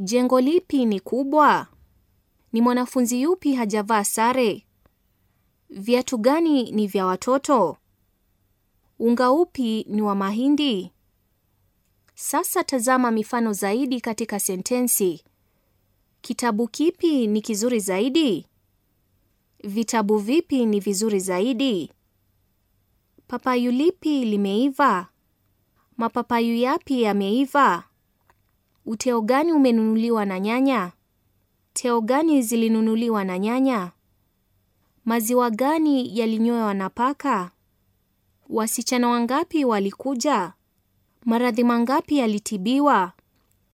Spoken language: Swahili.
Jengo lipi ni kubwa? Ni mwanafunzi yupi hajavaa sare? Viatu gani ni vya watoto? Unga upi ni wa mahindi? Sasa tazama mifano zaidi katika sentensi. Kitabu kipi ni kizuri zaidi? Vitabu vipi ni vizuri zaidi? Papayu lipi limeiva? Mapapayu yapi yameiva? Uteo gani umenunuliwa na nyanya? Teo gani zilinunuliwa na nyanya? Maziwa gani yalinywewa na paka? Wasichana wangapi walikuja? Maradhi mangapi yalitibiwa?